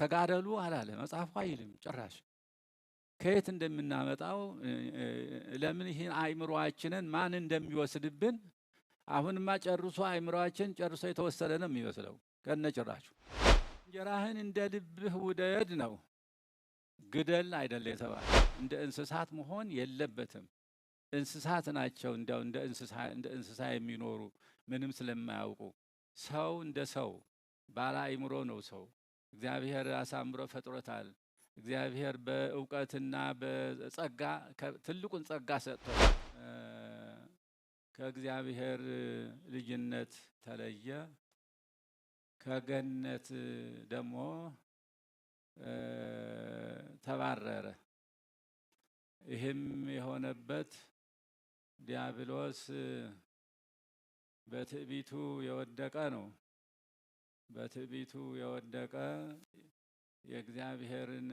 ተጋደሉ አላለ መጽሐፉ አይልም ጭራሽ። ከየት እንደምናመጣው ለምን ይህን አእምሮአችንን ማን እንደሚወስድብን አሁንማ ጨርሶ አእምሮአችን ጨርሶ የተወሰደ ነው የሚመስለው ከነ ጭራሹ። እንጀራህን እንደ ልብህ ውደድ ነው ግደል አይደለ የተባለ። እንደ እንስሳት መሆን የለበትም። እንስሳት ናቸው እንዲያው እንደ እንስሳ የሚኖሩ ምንም ስለማያውቁ። ሰው እንደ ሰው ባለ አእምሮ ነው ሰው እግዚአብሔር አሳምሮ ፈጥሮታል። እግዚአብሔር በእውቀትና በጸጋ ትልቁን ጸጋ ሰጥቶ ከእግዚአብሔር ልጅነት ተለየ። ከገነት ደግሞ ተባረረ። ይህም የሆነበት ዲያብሎስ በትዕቢቱ የወደቀ ነው። በትዕቢቱ የወደቀ የእግዚአብሔርን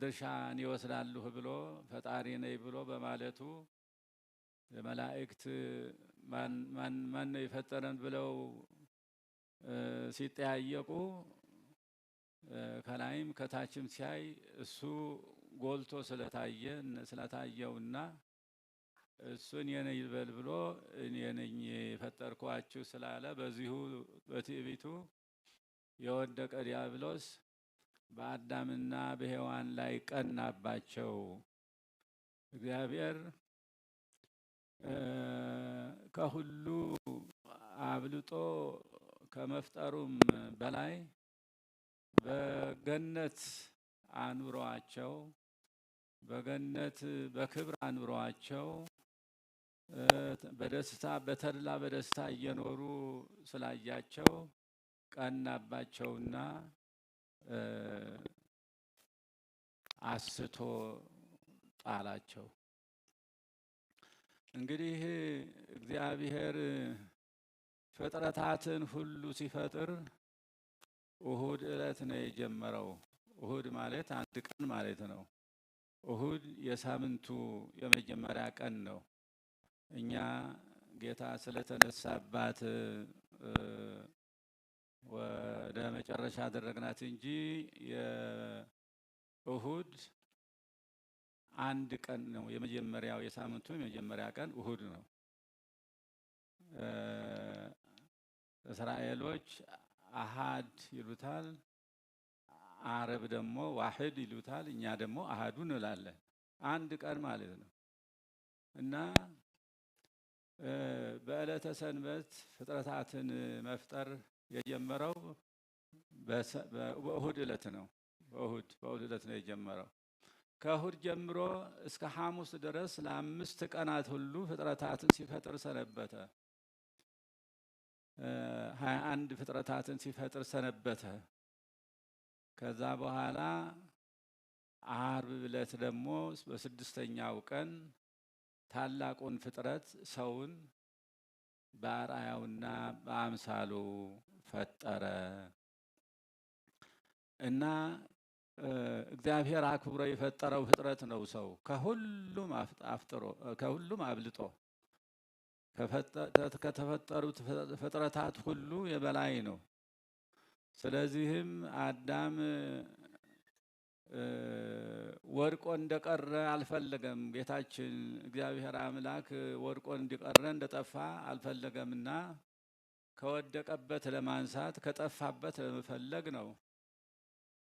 ድርሻን ይወስዳሉ ብሎ ፈጣሪ ነኝ ብሎ በማለቱ መላእክት ማን የፈጠረን ብለው ሲጠያየቁ ከላይም ከታችም ሲያይ እሱ ጎልቶ ስለታየ ስለታየውና እሱን እኔ ይበል ብሎ እኔ ነኝ የፈጠርኳችሁ ስላለ በዚሁ በትዕቢቱ የወደቀ ዲያብሎስ በአዳምና በሔዋን ላይ ቀናባቸው። እግዚአብሔር ከሁሉ አብልጦ ከመፍጠሩም በላይ በገነት አኑሯቸው በገነት በክብር አኑሯቸው በደስታ በተድላ በደስታ እየኖሩ ስላያቸው ቀናባቸውና አስቶ ጣላቸው። እንግዲህ እግዚአብሔር ፍጥረታትን ሁሉ ሲፈጥር እሁድ ዕለት ነው የጀመረው። እሁድ ማለት አንድ ቀን ማለት ነው። እሁድ የሳምንቱ የመጀመሪያ ቀን ነው። እኛ ጌታ ስለተነሳባት ወደ መጨረሻ አደረግናት እንጂ የእሁድ አንድ ቀን ነው። የመጀመሪያው የሳምንቱ የመጀመሪያ ቀን እሁድ ነው። እስራኤሎች አሃድ ይሉታል፣ አረብ ደግሞ ዋህድ ይሉታል። እኛ ደግሞ አሃዱ እንላለን። አንድ ቀን ማለት ነው እና በዕለተ ሰንበት ፍጥረታትን መፍጠር የጀመረው በእሁድ ዕለት ነው። በእሁድ በእሁድ ዕለት ነው የጀመረው። ከእሁድ ጀምሮ እስከ ሐሙስ ድረስ ለአምስት ቀናት ሁሉ ፍጥረታትን ሲፈጥር ሰነበተ። ሀያ አንድ ፍጥረታትን ሲፈጥር ሰነበተ። ከዛ በኋላ አርብ ዕለት ደግሞ በስድስተኛው ቀን ታላቁን ፍጥረት ሰውን በአርአያውና በአምሳሉ ፈጠረ እና እግዚአብሔር አክብሮ የፈጠረው ፍጥረት ነው ሰው ከሁሉም አፍጥሮ ከሁሉም አብልጦ ከተፈጠሩት ፍጥረታት ሁሉ የበላይ ነው። ስለዚህም አዳም ወድቆ እንደቀረ አልፈለገም። ጌታችን እግዚአብሔር አምላክ ወድቆ እንዲቀረ እንደጠፋ አልፈለገምና ከወደቀበት ለማንሳት ከጠፋበት ለመፈለግ ነው።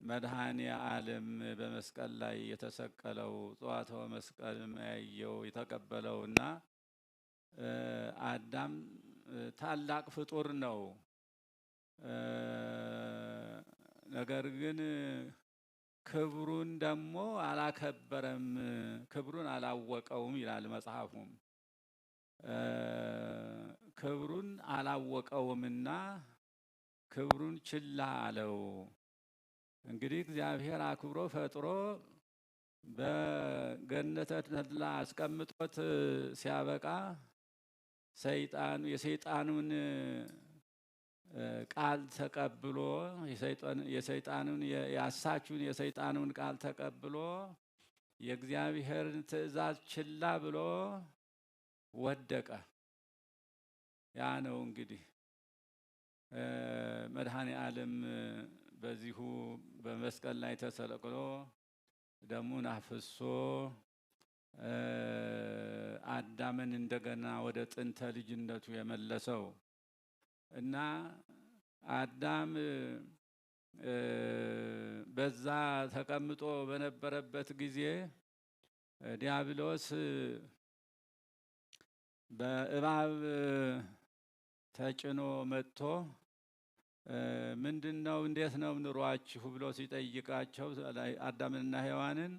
መድኃኔ ዓለም በመስቀል ላይ የተሰቀለው ጽዋተ መስቀል ያየው የተቀበለውና አዳም ታላቅ ፍጡር ነው። ነገር ግን ክብሩን ደግሞ አላከበረም፣ ክብሩን አላወቀውም ይላል መጽሐፉም። ክብሩን አላወቀውምና ክብሩን ችላ አለው። እንግዲህ እግዚአብሔር አክብሮ ፈጥሮ በገነተ ተድላ አስቀምጦት ሲያበቃ ሰይጣን የሰይጣኑን ቃል ተቀብሎ የሰይጣንን ያሳችሁን የሰይጣኑን ቃል ተቀብሎ የእግዚአብሔርን ትእዛዝ ችላ ብሎ ወደቀ። ያ ነው እንግዲህ መድኃኔ ዓለም በዚሁ በመስቀል ላይ ተሰለቅሎ ደሙን አፍሶ አዳምን እንደገና ወደ ጥንተ ልጅነቱ የመለሰው። እና አዳም በዛ ተቀምጦ በነበረበት ጊዜ ዲያብሎስ በእባብ ተጭኖ መጥቶ ምንድን ነው እንዴት ነው ኑሯችሁ ብሎ ሲጠይቃቸው አዳምንና ሔዋንን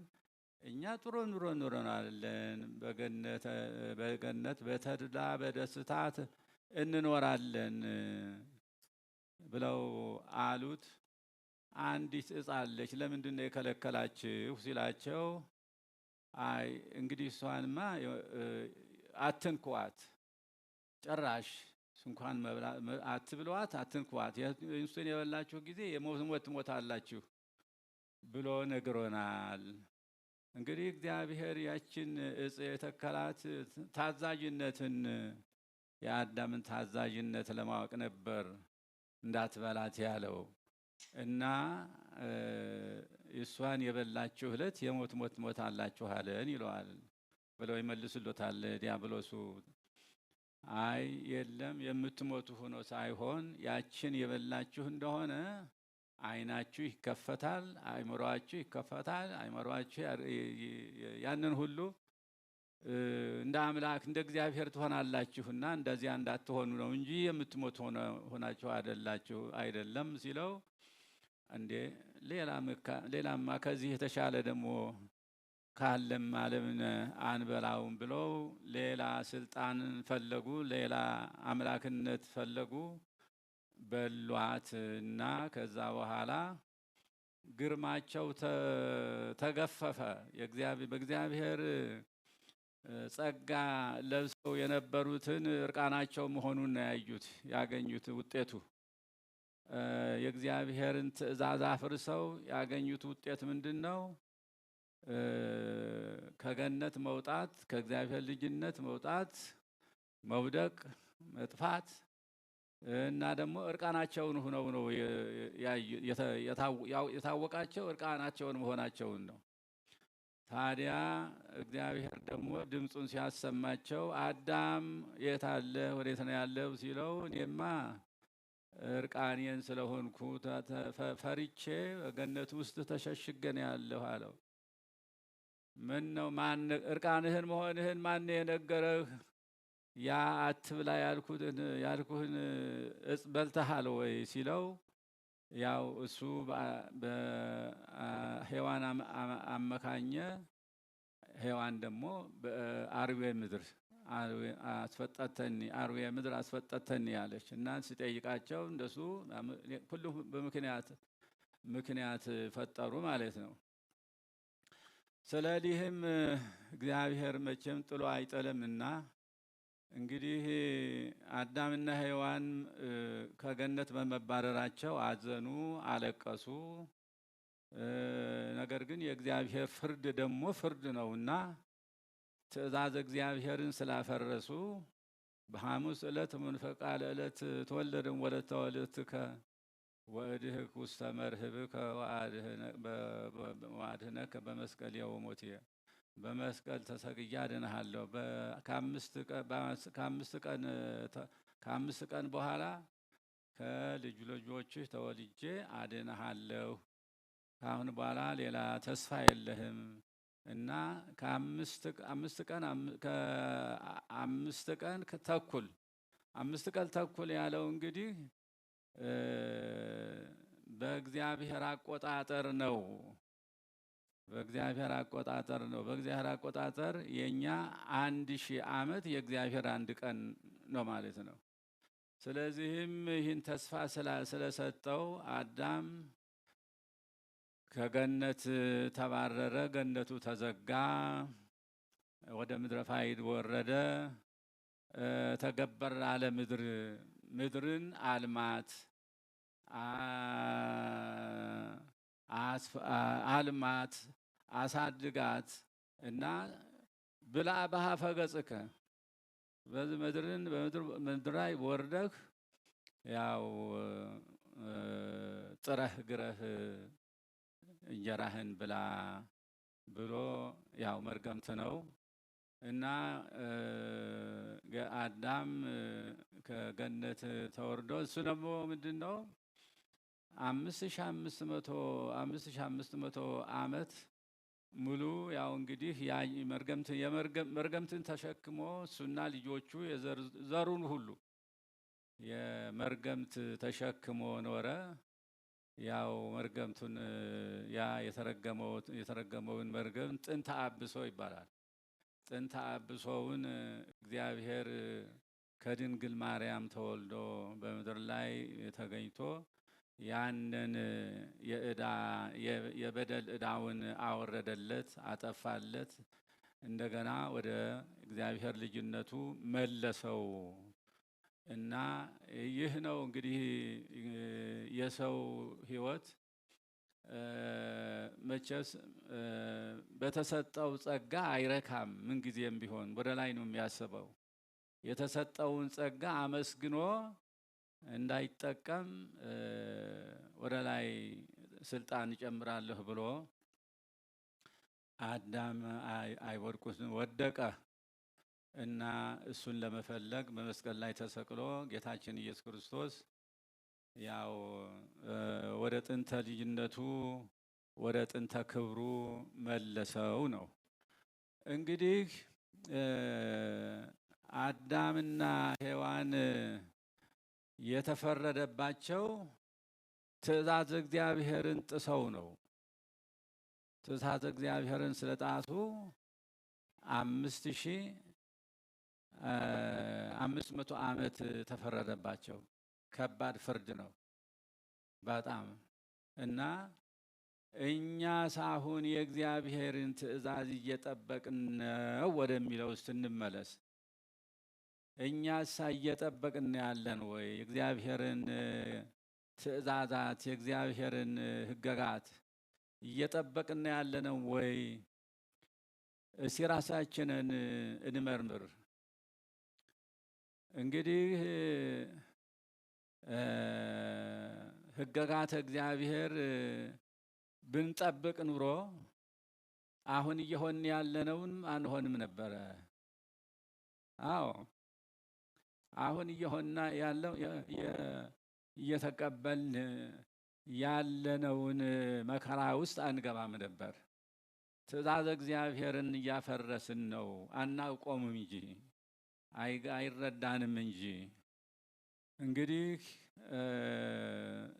እኛ ጥሩ ኑሮ ኑረናለን፣ በገነት በተድላ በደስታት እንኖራለን ብለው አሉት። አንዲት ዕፅ አለች ለምንድን ነው የከለከላችሁ ሲላቸው፣ አይ እንግዲህ እሷንማ አትንክዋት ጭራሽ እንኳን አትብለዋት አትንክዋት፣ እሱን የበላችሁ ጊዜ የሞት ሞት አላችሁ ብሎ ነግሮናል። እንግዲህ እግዚአብሔር ያችን እጽ የተከላት ታዛዥነትን የአዳምን ታዛዥነት ለማወቅ ነበር እንዳትበላት ያለው እና እሷን የበላችሁ ዕለት የሞት ሞት ሞት አላችኋለን ይለዋል ብለው ይመልሱሎታል ዲያብሎሱ። አይ የለም የምትሞቱ ሆኖ ሳይሆን ያችን የበላችሁ እንደሆነ አይናችሁ ይከፈታል፣ አይምሯችሁ ይከፈታል። አይምሯችሁ ያንን ሁሉ እንደ አምላክ እንደ እግዚአብሔር ትሆናላችሁና እንደዚያ እንዳትሆኑ ነው እንጂ የምትሞት ሆናችሁ አደላችሁ አይደለም ሲለው እንዴ ሌላማ ከዚህ የተሻለ ደግሞ ካለም አለምን አንበላውም ብለው ሌላ ስልጣን ፈለጉ፣ ሌላ አምላክነት ፈለጉ። በሏት እና ከዛ በኋላ ግርማቸው ተገፈፈ። በእግዚአብሔር ጸጋ ለብሰው የነበሩትን እርቃናቸው መሆኑን ነው ያዩት ያገኙት ውጤቱ የእግዚአብሔርን ትእዛዝ አፍርሰው ያገኙት ውጤት ምንድን ነው? ከገነት መውጣት፣ ከእግዚአብሔር ልጅነት መውጣት፣ መውደቅ፣ መጥፋት እና ደግሞ እርቃናቸውን ሁነው ነው የታወቃቸው። እርቃናቸውን መሆናቸውን ነው ታዲያ እግዚአብሔር ደግሞ ድምፁን ሲያሰማቸው አዳም የት አለ ወዴት ነው ያለው ሲለው እኔማ እርቃኔን ስለሆንኩ ፈሪቼ ገነት ውስጥ ተሸሽገን ያለሁ አለው። ምን ነው ማን እርቃንህን መሆንህን ማን የነገረህ? ያ አትብላ ያልኩህን እጽ በልተሃል ወይ ሲለው ያው እሱ በሔዋን አመካኘ ሔዋን ደግሞ አርዌ ምድር አስፈጠተኒ አርዌ ምድር አስፈጠተኒ ያለች እና ሲጠይቃቸው እንደሱ ሁሉ በምክንያት ምክንያት ፈጠሩ ማለት ነው። ስለዚህም እግዚአብሔር መቼም ጥሎ አይጠለምና እንግዲህ አዳምና ሔዋን ከገነት በመባረራቸው አዘኑ፣ አለቀሱ። ነገር ግን የእግዚአብሔር ፍርድ ደግሞ ፍርድ ነውና ትእዛዝ እግዚአብሔርን ስላፈረሱ በሐሙስ ዕለት መንፈቃ ለዕለት ተወለድን ወለተ ወልድከ ወእድህክ ውስተ መርህብከ ወአድህነከ በመስቀል የው የውሞትየ በመስቀል ተሰቅዬ አድንሃለሁ። ከአምስት ቀን በኋላ ከልጅ ልጆችህ ተወልጄ አድንሃለሁ። ከአሁን በኋላ ሌላ ተስፋ የለህም እና ከአምስት ቀን ከአምስት ቀን ተኩል አምስት ቀን ተኩል ያለው እንግዲህ በእግዚአብሔር አቆጣጠር ነው። በእግዚአብሔር አቆጣጠር ነው። በእግዚአብሔር አቆጣጠር የእኛ አንድ ሺህ ዓመት የእግዚአብሔር አንድ ቀን ነው ማለት ነው። ስለዚህም ይህን ተስፋ ስለሰጠው አዳም ከገነት ተባረረ፣ ገነቱ ተዘጋ፣ ወደ ምድረ ፋይድ ወረደ፣ ተገበር አለ ምድር ምድርን አልማት አልማት አሳድጋት እና ብላ በሀፈ ገጽከ በዚህ ምድርን በምድር ላይ ወርደህ ያው ጥረህ ግረህ እንጀራህን ብላ ብሎ ያው መርገምት ነው እና አዳም ከገነት ተወርዶ እሱ ደግሞ ምንድን ነው አምስት ሺህ አምስት መቶ አምስት ሺህ አምስት መቶ አመት ሙሉ ያው እንግዲህ መርገምትን ተሸክሞ እሱና ልጆቹ ዘሩን ሁሉ የመርገምት ተሸክሞ ኖረ። ያው መርገምቱን ያ የተረገመውን መርገም ጥንተ አብሶ ይባላል። ጥንተ አብሶውን እግዚአብሔር ከድንግል ማርያም ተወልዶ በምድር ላይ ተገኝቶ ያንን የእዳ የበደል እዳውን አወረደለት፣ አጠፋለት። እንደገና ወደ እግዚአብሔር ልጅነቱ መለሰው እና ይህ ነው እንግዲህ የሰው ሕይወት መቼስ በተሰጠው ጸጋ አይረካም። ምንጊዜም ቢሆን ወደ ላይ ነው የሚያስበው። የተሰጠውን ጸጋ አመስግኖ እንዳይጠቀም ወደ ላይ ስልጣን እጨምራለሁ ብሎ አዳም አይወድቁት ወደቀ እና እሱን ለመፈለግ በመስቀል ላይ ተሰቅሎ ጌታችን ኢየሱስ ክርስቶስ ያው ወደ ጥንተ ልጅነቱ ወደ ጥንተ ክብሩ መለሰው ነው። እንግዲህ አዳምና ሔዋን የተፈረደባቸው ትእዛዝ እግዚአብሔርን ጥሰው ነው። ትእዛዝ እግዚአብሔርን ስለጣሱ አምስት ሺ አምስት መቶ ዓመት ተፈረደባቸው። ከባድ ፍርድ ነው በጣም እና እኛ ሳሁን የእግዚአብሔርን ትእዛዝ እየጠበቅን ነው ወደሚለው ስንመለስ እኛሳ እየጠበቅን ያለን ወይ? እግዚአብሔርን ትእዛዛት የእግዚአብሔርን ሕገጋት እየጠበቅን ያለነው ወይ? እስቲ ራሳችንን እንመርምር። እንግዲህ ሕገጋት እግዚአብሔር ብንጠብቅ ኑሮ አሁን እየሆን ያለነውን አንሆንም ነበረ። አዎ አሁን እየሆና ያለው እየተቀበልን ያለነውን መከራ ውስጥ አንገባም ነበር። ትእዛዝ እግዚአብሔርን እያፈረስን ነው። አናቆምም እንጂ አይረዳንም እንጂ እንግዲህ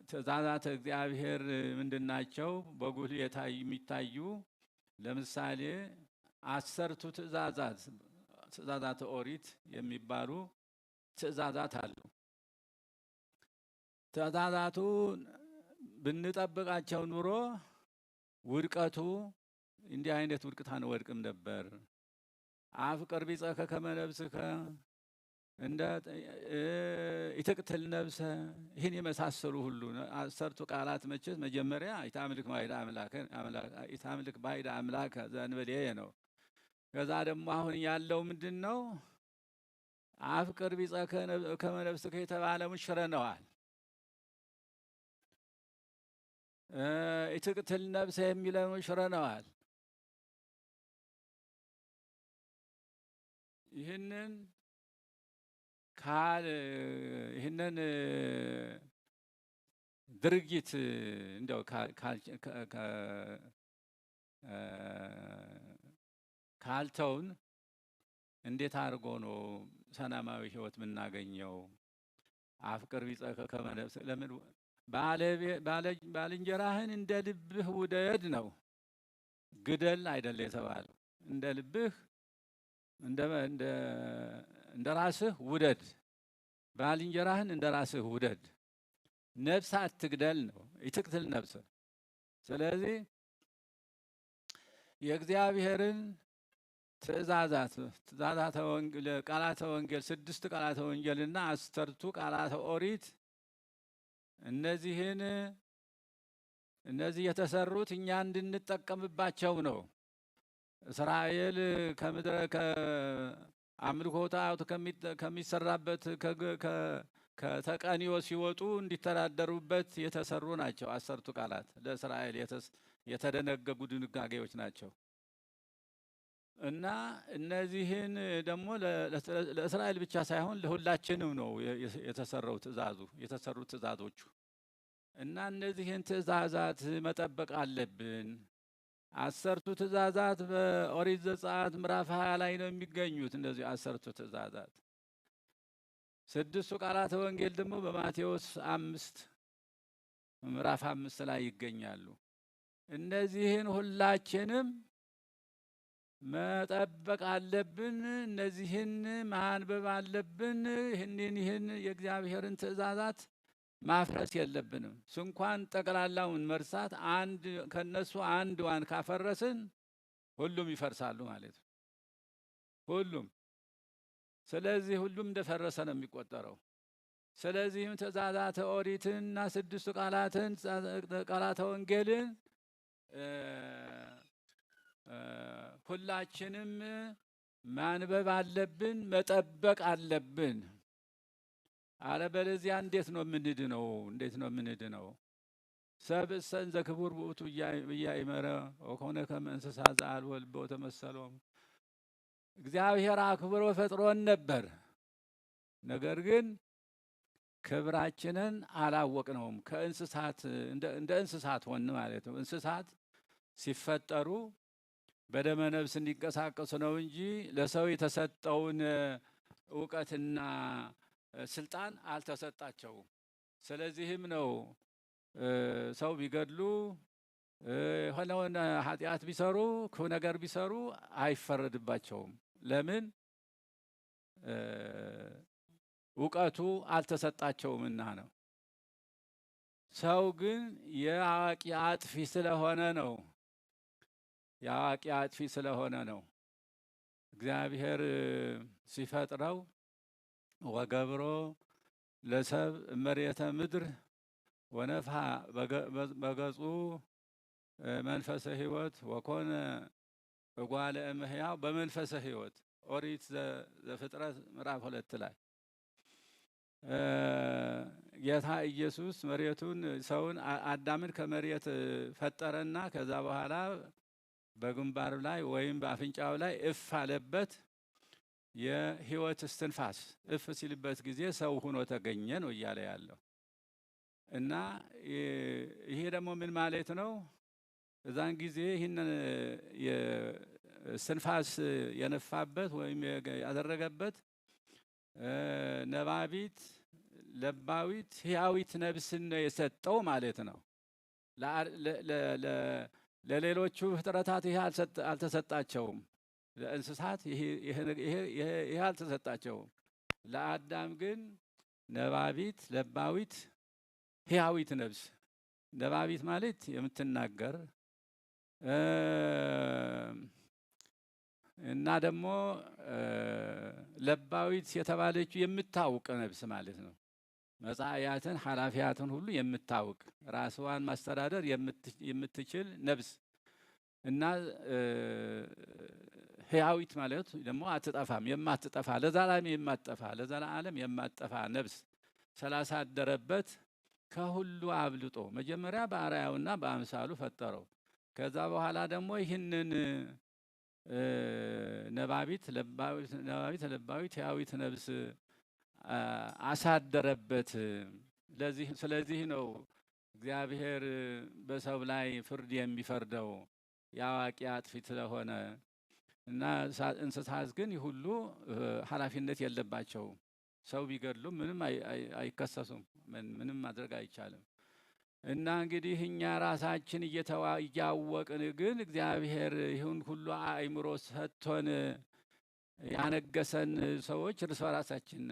ትእዛዛት እግዚአብሔር ምንድናቸው? በጉል የሚታዩ ለምሳሌ አሰርቱ ትእዛዛት ትእዛዛት ኦሪት የሚባሉ ትእዛዛት አሉ። ትእዛዛቱ ብንጠብቃቸው ኑሮ ውድቀቱ እንዲህ አይነት ውድቅት አንወድቅም ነበር። አፍቅር ቢጸከ ከመ ነፍስከ እንደ ኢትቅትል ነብሰ ይህን የመሳሰሉ ሁሉ አሰርቱ ቃላት መቼስ መጀመሪያ ኢታምልክ ባይደ አምላክ ኢታምልክ ባይደ አምላክ ዘእንበሌየ ነው። ከዛ ደግሞ አሁን ያለው ምንድን ነው? አፍቅር ቢጸ ከመ ነፍስከ የተባለ ሙሽረ ነዋል። ኢትቅትል ነብሰ የሚለ ሙሽረ ነዋል። ይህንን ካል ይህንን ድርጊት እንደው ካልተውን እንዴት አድርጎ ነው ሰላማዊ ህይወት ምናገኘው? አፍቅር ቢጸከ ከመ ነፍስከ ለምን ባልንጀራህን እንደ ልብህ ውደድ ነው። ግደል አይደለ የተባለው። እንደ ልብህ እንደ ራስህ ውደድ፣ ባልንጀራህን እንደ ራስህ ውደድ። ነፍስ አትግደል ነው፣ ይትቅትል ነፍስ። ስለዚህ የእግዚአብሔርን ትእዛዛት ትእዛዛተ ወንጌል ቃላተ ወንጌል ስድስት ቃላተ ወንጌልና አስተርቱ ቃላተ ኦሪት እነዚህን እነዚህ የተሰሩት እኛ እንድንጠቀምባቸው ነው። እስራኤል ከምድረ አምልኮታት ከሚሰራበት ከተቀኒዮ ሲወጡ እንዲተዳደሩበት የተሰሩ ናቸው። አሰርቱ ቃላት ለእስራኤል የተደነገጉ ድንጋጌዎች ናቸው። እና እነዚህን ደግሞ ለእስራኤል ብቻ ሳይሆን ለሁላችንም ነው የተሰራው ትእዛዙ የተሰሩ ትእዛዞቹ እና እነዚህን ትእዛዛት መጠበቅ አለብን። አሰርቱ ትእዛዛት በኦሪት ዘጸአት ምዕራፍ ሀያ ላይ ነው የሚገኙት። እነዚህ አሰርቱ ትእዛዛት ስድስቱ ቃላተ ወንጌል ደግሞ በማቴዎስ አምስት ምዕራፍ አምስት ላይ ይገኛሉ። እነዚህን ሁላችንም መጠበቅ አለብን። እነዚህን ማንበብ አለብን። ይህንን ይህን የእግዚአብሔርን ትእዛዛት ማፍረስ የለብንም። ስንኳን ጠቅላላውን መርሳት አንድ ከነሱ አንድ ዋን ካፈረስን ሁሉም ይፈርሳሉ ማለት ነው። ሁሉም ስለዚህ ሁሉም እንደፈረሰ ነው የሚቆጠረው። ስለዚህም ትእዛዛተ ኦሪትንና ስድስቱ ቃላትን ቃላተ ወንጌልን ሁላችንም ማንበብ አለብን፣ መጠበቅ አለብን። አለበለዚያ እንዴት ነው የምንድ ነው? እንዴት ነው የምንድ ነው? ሰብእሰን ዘክቡር ብእቱ እያይመረ ወኮነ ከመ እንስሳ ዘአልቦ ልበ ተመሰሎም። እግዚአብሔር አክብሮ ፈጥሮን ነበር። ነገር ግን ክብራችንን አላወቅነውም። ከእንስሳት እንደ እንስሳት ሆን ማለት ነው። እንስሳት ሲፈጠሩ በደመ ነብስ እንዲንቀሳቀሱ ነው እንጂ ለሰው የተሰጠውን እውቀትና ስልጣን አልተሰጣቸውም። ስለዚህም ነው ሰው ቢገድሉ የሆነውን ኃጢአት ቢሰሩ ክፉ ነገር ቢሰሩ አይፈረድባቸውም። ለምን? እውቀቱ አልተሰጣቸውምና ነው። ሰው ግን የአዋቂ አጥፊ ስለሆነ ነው የአዋቂ አጥፊ ስለሆነ ነው። እግዚአብሔር ሲፈጥረው ወገብሮ ለሰብ መሬተ ምድር ወነፍሐ በገጹ መንፈሰ ሕይወት ወኮነ እጓለ እምህያው በመንፈሰ ሕይወት ኦሪት ዘፍጥረት ምዕራፍ ሁለት ላይ ጌታ ኢየሱስ መሬቱን ሰውን አዳምን ከመሬት ፈጠረና ከዛ በኋላ በግንባሩ ላይ ወይም በአፍንጫው ላይ እፍ አለበት። የህይወት እስትንፋስ እፍ ሲልበት ጊዜ ሰው ሁኖ ተገኘ ነው እያለ ያለው እና ይሄ ደግሞ ምን ማለት ነው? እዛን ጊዜ ይህንን ስንፋስ የነፋበት ወይም ያደረገበት ነባቢት ለባዊት ህያዊት ነብስን ነው የሰጠው ማለት ነው። ለሌሎቹ ፍጥረታት ይሄ አልተሰጣቸውም። ለእንስሳት ይሄ አልተሰጣቸውም። ለአዳም ግን ነባቢት፣ ለባዊት፣ ህያዊት ነብስ። ነባቢት ማለት የምትናገር እና ደግሞ ለባዊት የተባለችው የምታውቅ ነብስ ማለት ነው። መጻያትን ኃላፊያትን ሁሉ የምታውቅ ራስዋን ማስተዳደር የምትችል ነብስ እና ህያዊት ማለት ደግሞ አትጠፋም፣ የማትጠፋ ለዘላለም የማትጠፋ ለዘላለም የማትጠፋ ነብስ ስላሳደረበት ከሁሉ አብልጦ መጀመሪያ በአርአያውና በአምሳሉ ፈጠረው። ከዛ በኋላ ደግሞ ይህንን ነባቢት ለባዊት ነባቢት ለባዊት ህያዊት ነብስ አሳደረበት። ስለዚህ ነው እግዚአብሔር በሰው ላይ ፍርድ የሚፈርደው የአዋቂ አጥፊ ስለሆነ እና እንስሳት ግን ይህ ሁሉ ኃላፊነት የለባቸው። ሰው ቢገድሉ ምንም አይከሰሱም። ምንም ማድረግ አይቻልም። እና እንግዲህ እኛ ራሳችን እያወቅን ግን እግዚአብሔር ይህን ሁሉ አእምሮ ሰጥቶን ያነገሰን ሰዎች እርስ በራሳችን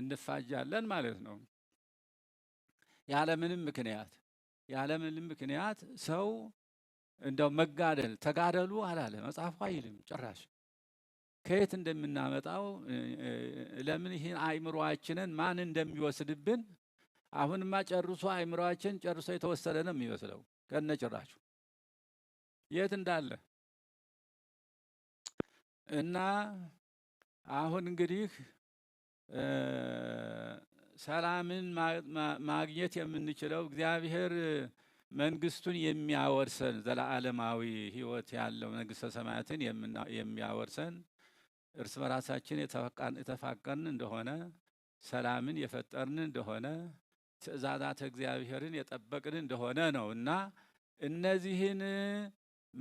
እንፋጃለን ማለት ነው። ያለምንም ምክንያት ያለምንም ምክንያት ሰው እንደው መጋደል ተጋደሉ አላለ መጽሐፉ አይልም ጭራሽ። ከየት እንደምናመጣው ለምን ይህን አእምሮአችንን ማን እንደሚወስድብን አሁንማ ጨርሶ አይምሮችን ጨርሶ የተወሰደ ነው የሚመስለው ከነ ጭራሹ የት እንዳለ እና አሁን እንግዲህ ሰላምን ማግኘት የምንችለው እግዚአብሔር መንግስቱን የሚያወርሰን ዘለዓለማዊ ህይወት ያለው መንግስተ ሰማያትን የሚያወርሰን እርስ በራሳችን የተፋቀርን እንደሆነ ሰላምን የፈጠርን እንደሆነ ትእዛዛት እግዚአብሔርን የጠበቅን እንደሆነ ነው እና እነዚህን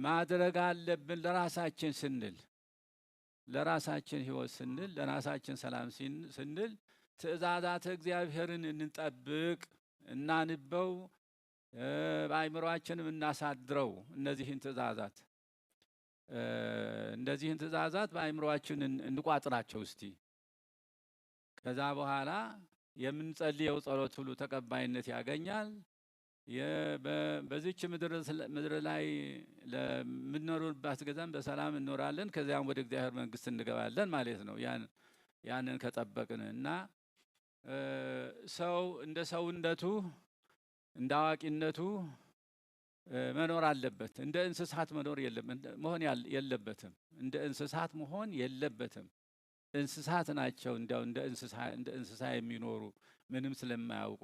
ማድረግ አለብን ለራሳችን ስንል ለራሳችን ህይወት ስንል ለራሳችን ሰላም ስንል ትእዛዛተ እግዚአብሔርን እንጠብቅ፣ እናንበው፣ በአይምሯችንም እናሳድረው። እነዚህን ትእዛዛት እነዚህን ትእዛዛት በአይምሯችን እንቋጥራቸው እስቲ። ከዛ በኋላ የምንጸልየው ጸሎት ሁሉ ተቀባይነት ያገኛል። በዚች ምድር ላይ ለምንኖርባት ገዛም በሰላም እንኖራለን። ከዚያም ወደ እግዚአብሔር መንግስት እንገባለን ማለት ነው። ያንን ከጠበቅን እና ሰው እንደ ሰውነቱ እንደ አዋቂነቱ መኖር አለበት። እንደ እንስሳት መኖር መሆን የለበትም። እንደ እንስሳት መሆን የለበትም። እንስሳት ናቸው እንዲያው እንደ እንስሳ የሚኖሩ ምንም ስለማያውቁ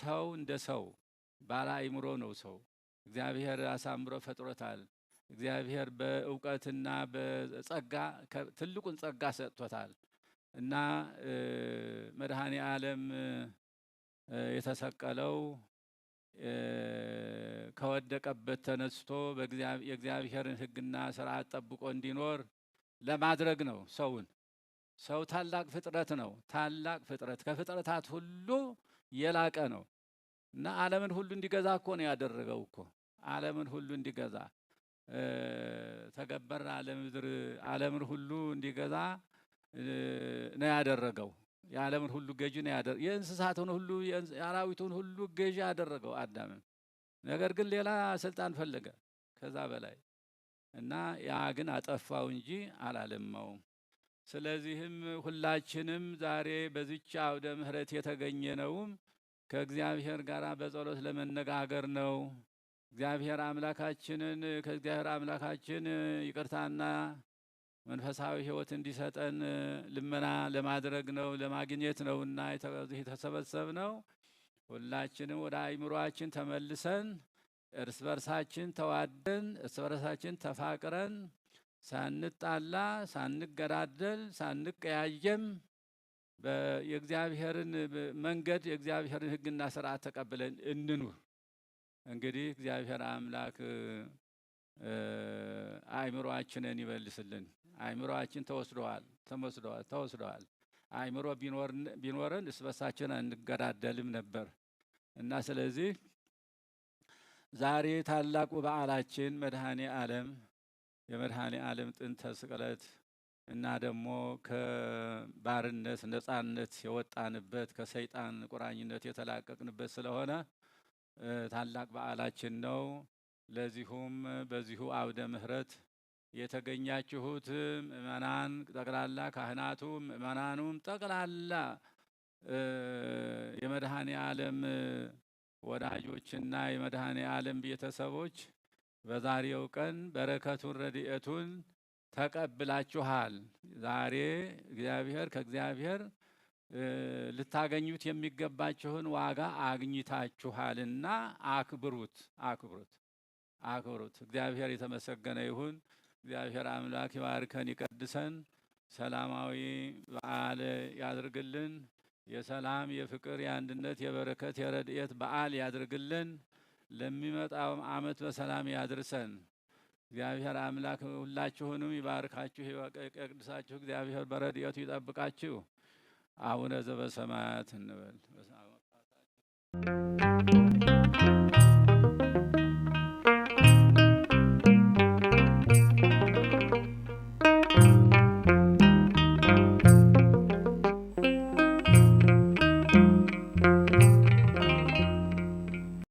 ሰው እንደ ሰው ባለ አይምሮ ነው ሰው። እግዚአብሔር አሳምሮ ፈጥሮታል። እግዚአብሔር በእውቀትና በጸጋ ትልቁን ጸጋ ሰጥቶታል እና መድኃኔ ዓለም የተሰቀለው ከወደቀበት ተነስቶ የእግዚአብሔርን ሕግና ስርዓት ጠብቆ እንዲኖር ለማድረግ ነው ሰውን። ሰው ታላቅ ፍጥረት ነው። ታላቅ ፍጥረት ከፍጥረታት ሁሉ የላቀ ነው። እና ዓለምን ሁሉ እንዲገዛ እኮ ነው ያደረገው እኮ ዓለምን ሁሉ እንዲገዛ ተገበር አለምድር ዓለምን ሁሉ እንዲገዛ ነው ያደረገው። የዓለምን ሁሉ ገዢ ነው ያደረገው። የእንስሳትን ሁሉ የአራዊቱን ሁሉ ገዢ ያደረገው አዳምን። ነገር ግን ሌላ ስልጣን ፈለገ ከዛ በላይ እና ያ ግን አጠፋው እንጂ አላለማውም። ስለዚህም ሁላችንም ዛሬ በዚች አውደ ምሕረት የተገኘነውም ከእግዚአብሔር ጋር በጸሎት ለመነጋገር ነው። እግዚአብሔር አምላካችንን ከእግዚአብሔር አምላካችን ይቅርታና መንፈሳዊ ሕይወት እንዲሰጠን ልመና ለማድረግ ነው ለማግኘት ነው እና የተሰበሰብ ነው። ሁላችንም ወደ አእምሮአችን ተመልሰን እርስ በርሳችን ተዋደን እርስ በርሳችን ተፋቅረን ሳንጣላ ሳንገዳደል ሳንቀያየም የእግዚአብሔርን መንገድ የእግዚአብሔርን ሕግና ስርዓት ተቀብለን እንኑር። እንግዲህ እግዚአብሔር አምላክ አእምሮአችንን ይመልስልን። አእምሮአችን ተወስደዋል ተመስደዋል ተወስደዋል። አእምሮ ቢኖረን እስበሳችን አንገዳደልም ነበር እና ስለዚህ ዛሬ ታላቁ በዓላችን መድኃኔ ዓለም የመድኃኔ ዓለም ጥንተ ስቅለት እና ደግሞ ከባርነት ነጻነት የወጣንበት ከሰይጣን ቁራኝነት የተላቀቅንበት ስለሆነ ታላቅ በዓላችን ነው። ለዚሁም በዚሁ አውደ ምሕረት የተገኛችሁት ምእመናን ጠቅላላ ካህናቱም ምእመናኑም ጠቅላላ የመድኃኔ ዓለም ወዳጆችና የመድኃኔ ዓለም ቤተሰቦች በዛሬው ቀን በረከቱን ረድኤቱን ተቀብላችኋል። ዛሬ እግዚአብሔር ከእግዚአብሔር ልታገኙት የሚገባችሁን ዋጋ አግኝታችኋልና አክብሩት አክብሩት አክብሩት። እግዚአብሔር የተመሰገነ ይሁን። እግዚአብሔር አምላክ ይባርከን ይቀድሰን፣ ሰላማዊ በዓል ያድርግልን። የሰላም የፍቅር፣ የአንድነት፣ የበረከት፣ የረድኤት በዓል ያድርግልን። ለሚመጣው ዓመት በሰላም ያድርሰን። እግዚአብሔር አምላክ ሁላችሁንም ይባርካችሁ ይቀድሳችሁ። እግዚአብሔር በረድኤቱ ይጠብቃችሁ። አቡነ ዘበሰማያት እንበል።